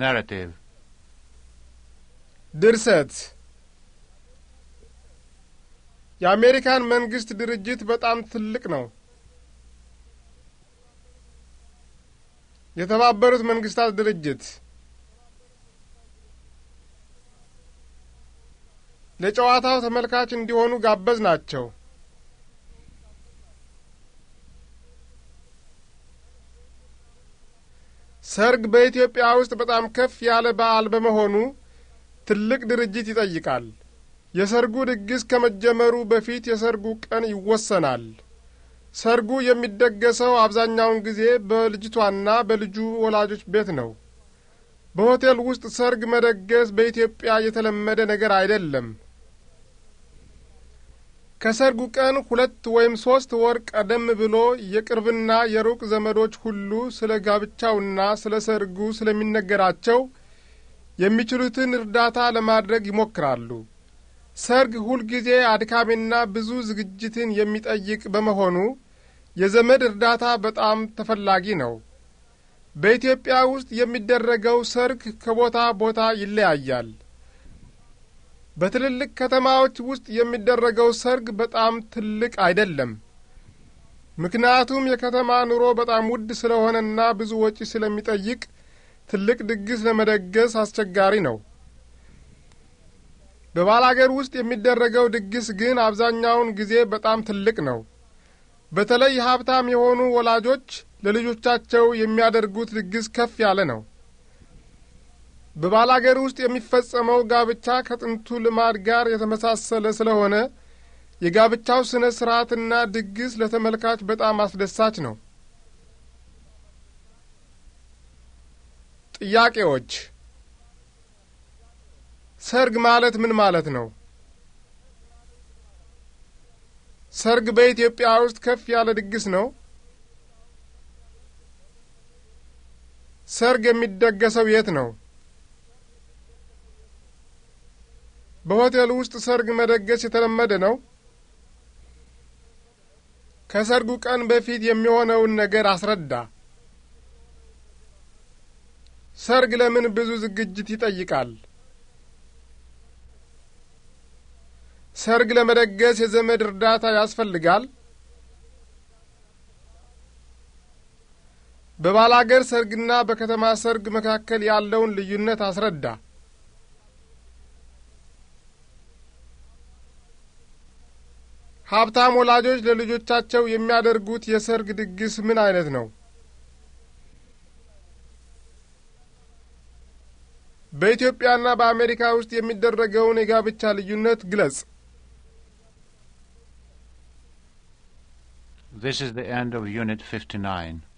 ናራቲቭ ድርሰት የአሜሪካን መንግስት ድርጅት በጣም ትልቅ ነው። የተባበሩት መንግስታት ድርጅት ለጨዋታው ተመልካች እንዲሆኑ ጋበዝ ናቸው። ሰርግ በኢትዮጵያ ውስጥ በጣም ከፍ ያለ በዓል በመሆኑ ትልቅ ድርጅት ይጠይቃል። የሰርጉ ድግስ ከመጀመሩ በፊት የሰርጉ ቀን ይወሰናል። ሰርጉ የሚደገሰው አብዛኛውን ጊዜ በልጅቷና በልጁ ወላጆች ቤት ነው። በሆቴል ውስጥ ሰርግ መደገስ በኢትዮጵያ የተለመደ ነገር አይደለም። ከሰርጉ ቀን ሁለት ወይም ሶስት ወር ቀደም ብሎ የቅርብና የሩቅ ዘመዶች ሁሉ ስለ ጋብቻውና ስለ ሰርጉ ስለሚነገራቸው የሚችሉትን እርዳታ ለማድረግ ይሞክራሉ። ሰርግ ሁልጊዜ አድካሚና ብዙ ዝግጅትን የሚጠይቅ በመሆኑ የዘመድ እርዳታ በጣም ተፈላጊ ነው። በኢትዮጵያ ውስጥ የሚደረገው ሰርግ ከቦታ ቦታ ይለያያል። በትልልቅ ከተማዎች ውስጥ የሚደረገው ሰርግ በጣም ትልቅ አይደለም። ምክንያቱም የከተማ ኑሮ በጣም ውድ ስለሆነና ብዙ ወጪ ስለሚጠይቅ ትልቅ ድግስ ለመደገስ አስቸጋሪ ነው። በባላገር ውስጥ የሚደረገው ድግስ ግን አብዛኛውን ጊዜ በጣም ትልቅ ነው። በተለይ ሀብታም የሆኑ ወላጆች ለልጆቻቸው የሚያደርጉት ድግስ ከፍ ያለ ነው። በባላገር ውስጥ የሚፈጸመው ጋብቻ ከጥንቱ ልማድ ጋር የተመሳሰለ ስለሆነ የጋብቻው ሥነ ሥርዓትና ድግስ ለተመልካች በጣም አስደሳች ነው። ጥያቄዎች፣ ሰርግ ማለት ምን ማለት ነው? ሰርግ በኢትዮጵያ ውስጥ ከፍ ያለ ድግስ ነው። ሰርግ የሚደገሰው የት ነው? በሆቴል ውስጥ ሰርግ መደገስ የተለመደ ነው። ከሰርጉ ቀን በፊት የሚሆነውን ነገር አስረዳ። ሰርግ ለምን ብዙ ዝግጅት ይጠይቃል? ሰርግ ለመደገስ የዘመድ እርዳታ ያስፈልጋል? በባላገር ሰርግና በከተማ ሰርግ መካከል ያለውን ልዩነት አስረዳ። ሀብታም ወላጆች ለልጆቻቸው የሚያደርጉት የሰርግ ድግስ ምን አይነት ነው? በኢትዮጵያና በአሜሪካ ውስጥ የሚደረገውን የጋብቻ ልዩነት ግለጽ። This is the end of Unit 59.